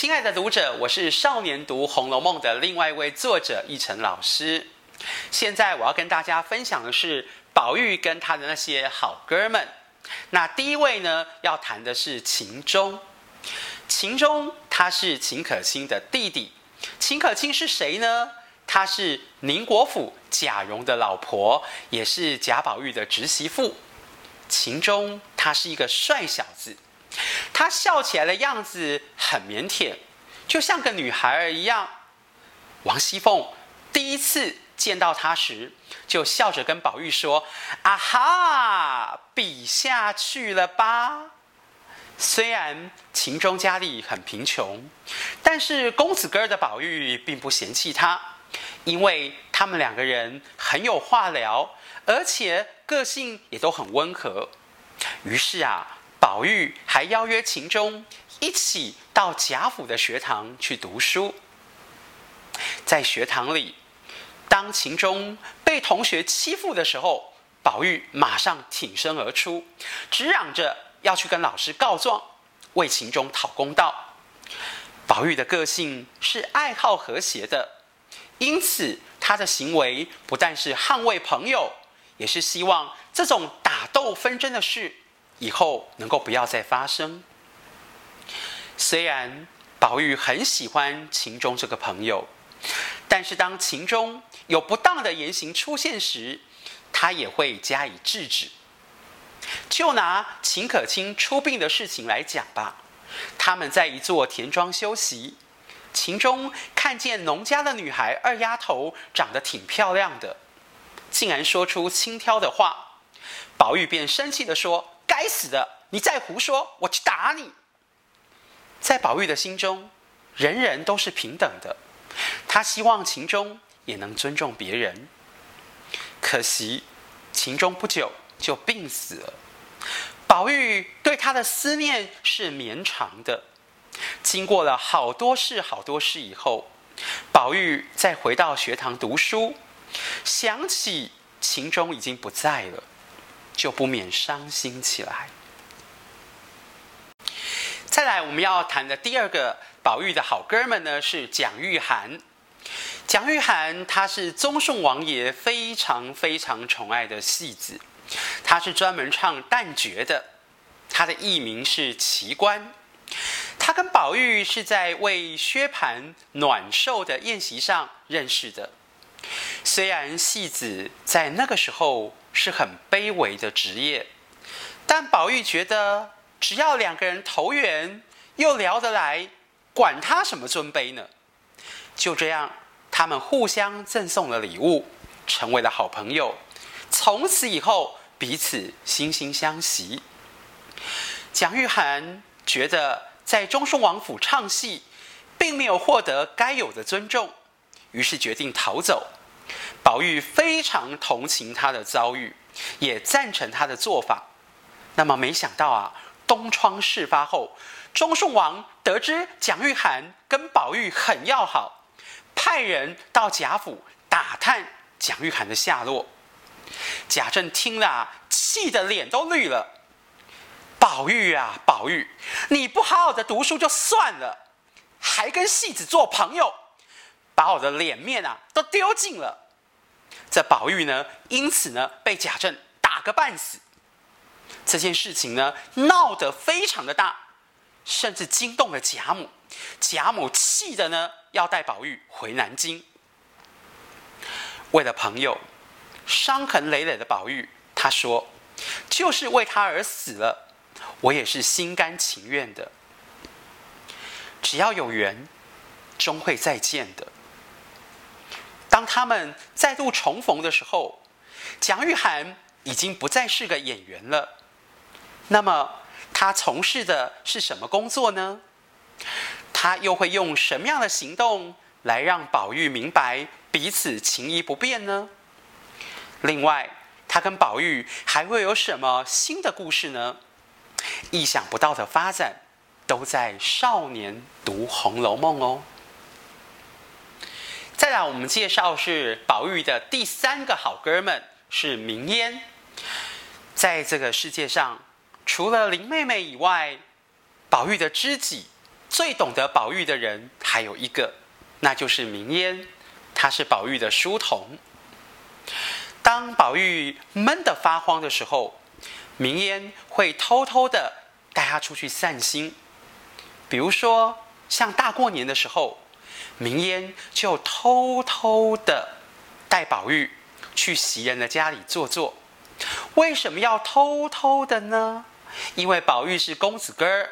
親愛的讀者，我是少年讀《紅樓夢》的另外一位作者奕成老師。現在我要跟大家分享的是寶玉跟他的那些好哥們。那第一位呢，要談的是秦鍾。秦鍾他是秦可卿的弟弟。秦可卿是誰呢？他是寧國府賈蓉的老婆，也是賈寶玉的侄媳婦。秦鍾他是一個帥小子。他笑起來的樣子很腼腆，就像個女孩兒一樣。王熙鳳第一次見到他時，就笑着跟寶玉說：“啊哈，比下去了吧。”雖然秦鍾家裡很貧窮，但是公子哥的寶玉並不嫌棄他，因為他們兩個人很有話聊，而且個性也都很溫和。於是啊。寶玉還邀約秦钟一起到賈府的學堂去讀書。在學堂裡，當秦鐘被同學欺負的時候，寶玉馬上挺身而出，直嚷着要去跟老師告狀，為秦鐘討公道。寶玉的個性是愛好和諧的，因此他的行為不但是捍衛朋友，也是希望這種打鬥紛爭的事。以後能夠不要再發生。雖然寶玉很喜歡秦鍾這個朋友，但是當秦鍾有不當的言行出現時，他也會加以制止。就拿秦可卿出殯的事情來講吧，他們在一座田莊休息，秦鍾看見農家的女孩二丫頭長得挺漂亮的，竟然說出輕佻的話，寶玉便生氣地說。該死的！你再胡說，我去打你。在寶玉的心中，人人都是平等的，他希望秦鍾也能尊重別人。可惜，秦鍾不久就病死了。寶玉對他的思念是綿長的。經過了好多事，好多事以後，寶玉再回到學堂讀書，想起秦鍾已經不在了。就不免傷心起來。再來，我們要談的第二個寶玉的好哥們呢，是蔣玉菡。蔣玉菡他是忠順王爺非常非常寵愛的戲子，他是專門唱旦角的，他的藝名是琪官，他跟寶玉是在為薛蟠暖壽的宴席上認識的。雖然戲子在那個時候，是很卑微的職業，但寶玉覺得只要兩個人投緣又聊得來，管他什麼尊卑呢？就這樣，他們互相贈送了禮物，成為了好朋友。從此以後，彼此惺惺相惜。蔣玉菡覺得在忠順王府唱戲，並沒有獲得該有的尊重，於是決定逃走。寶玉非常同情他的遭遇，也贊成他的做法。那麼，沒想到啊，東窗事發後，忠順王得知蔣玉菡跟寶玉很要好，派人到賈府打探蔣玉菡的下落。賈政聽了，氣得臉都綠了。寶玉啊，寶玉，你不好好的讀書就算了，還跟戲子做朋友，把我的臉面啊都丟盡了。這寶玉呢，因此呢，被賈政打個半死。這件事情呢，鬧得非常的大，甚至驚動了賈母。賈母氣的呢，要帶寶玉回南京。為了朋友，傷痕累累的寶玉，他說：“就是為他而死了，我也是心甘情願的。只要有緣，終會再見的。”當他們再度重逢的時候，蔣玉菡已經不再是個演員了。那麼，他從事的是什麼工作呢？他又會用什麼樣的行動來讓寶玉明白彼此情誼不變呢？另外，他跟寶玉還會有什麼新的故事呢？意想不到的發展，都在《少年讀紅樓夢》哦。再來，我們介紹是寶玉的第三個好哥們是茗煙。在這個世界上，除了林妹妹以外，寶玉的知己、最懂得寶玉的人還有一個，那就是茗煙。他是寶玉的書童。當寶玉悶得發慌的時候，茗煙會偷偷的帶他出去散心。比如說，像大過年的時候。茗煙就偷偷的帶寶玉去襲人的家裡坐坐。為什麼要偷偷的呢？因為寶玉是公子哥兒，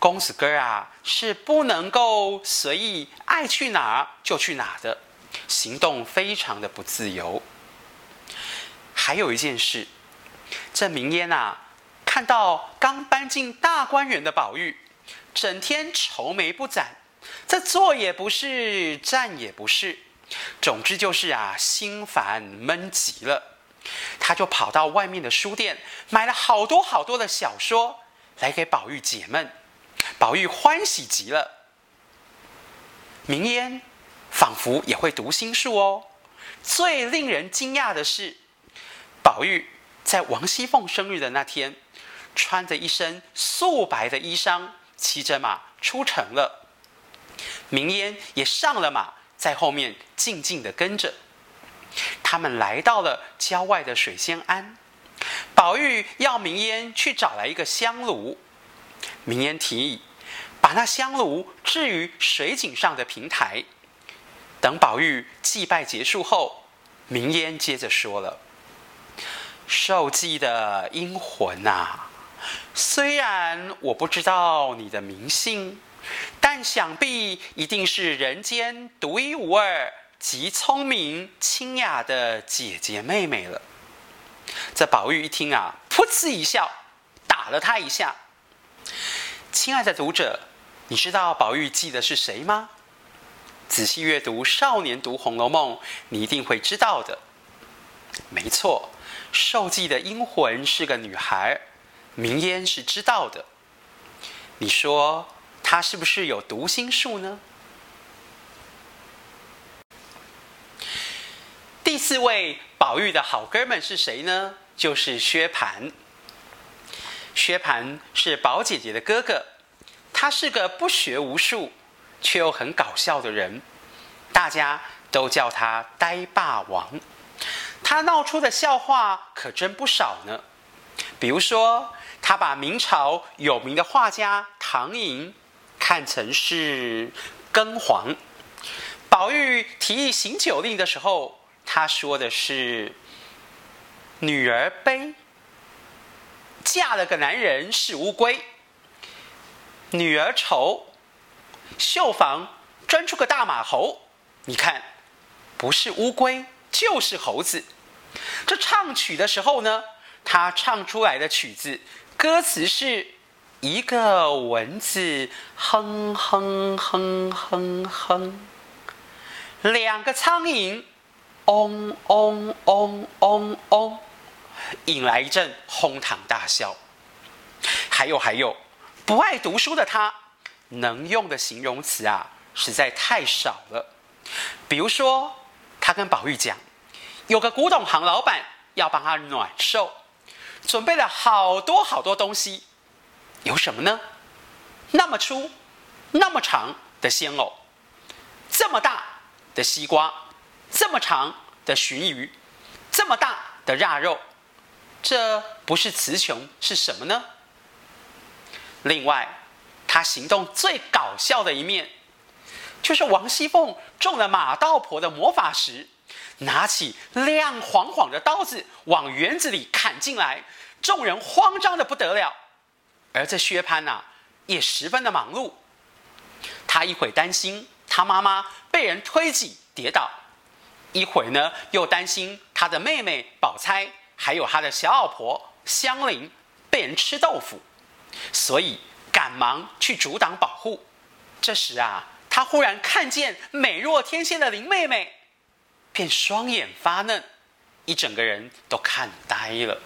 公子哥兒啊是不能夠隨意愛去哪兒就去哪兒的，行動非常的不自由。還有一件事，這茗煙啊，看到剛搬進大觀園的寶玉，整天愁眉不展。這坐也不是，站也不是，總之就是啊，心煩悶極了。他就跑到外面的書店，買了好多好多的小說來給寶玉解悶。寶玉歡喜極了。茗煙仿佛也會讀心術哦。最令人驚訝的是，寶玉在王熙鳳生日的那天，穿着一身素白的衣裳，騎着馬出城了。茗煙也上了馬，在後面靜靜地跟着。他們來到了郊外的水仙庵，寶玉要茗煙去找來一個香爐。茗煙提議把那香爐置於水井上的平台，等寶玉祭拜結束後，茗煙接着說了：“受祭的陰魂吶、啊，雖然我不知道你的名姓。”但想必一定是人間獨一無二、極聰明清雅的姐姐妹妹了。這寶玉一聽啊，噗嗤一笑，打了他一下。親愛的讀者，你知道寶玉祭的是誰嗎？仔細閱讀《少年讀紅樓夢》，你一定會知道的。沒錯，受祭的陰魂是個女孩，茗煙是知道的。你說。他是不是有讀心術呢？第四位，寶玉的好哥們是誰呢？就是薛蟠。薛蟠是寶姐姐的哥哥，他是個不學無術卻又很搞笑的人，大家都叫他呆霸王。他鬧出的笑話可真不少呢。比如說，他把明朝有名的畫家唐寅，看成是庚黃，寶玉提議行酒令的時候，他說的是：“女兒悲，嫁了個男人是烏龜；女兒愁，繡房鑽出個大馬猴。你看，不是烏龜就是猴子。”這唱曲的時候呢，他唱出來的曲子歌詞是。一個蚊子哼哼哼哼哼，兩個蒼蠅嗡嗡嗡嗡嗡，引來一陣哄堂大笑。還有還有，不愛讀書的他，能用的形容詞啊，實在太少了。比如說，他跟寶玉講，有個古董行老板要幫他暖壽，準備了好多好多東西。有什麼呢？那麼粗，那麼長的鮮藕，這麼大的西瓜，這麼長的鱘魚，這麼大的臘肉，這不是詞窮是什麼呢？另外，他行動最搞笑的一面，就是王熙鳳中了馬道婆的魔法時，拿起亮晃晃的刀子往園子裡砍進來，眾人慌張得不得了。而這薛蟠吶、啊，也十分的忙碌。他一會擔心他媽媽被人推擠跌倒，一會呢，又擔心他的妹妹寶釵，還有他的小老婆香菱被人吃豆腐，所以趕忙去阻擋保護。這時啊，他忽然看見美若天仙的林妹妹，便雙眼發愣，一整個人都看呆了。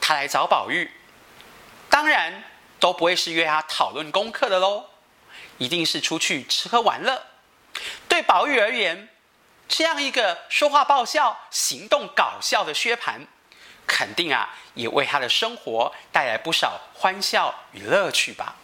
他來找寶玉。當然都不會是約他討論功課的嘍，一定是出去吃喝玩樂。對寶玉而言，這樣一個說話爆笑、行動搞笑的薛蟠，肯定啊也為他的生活帶來不少歡笑與樂趣吧。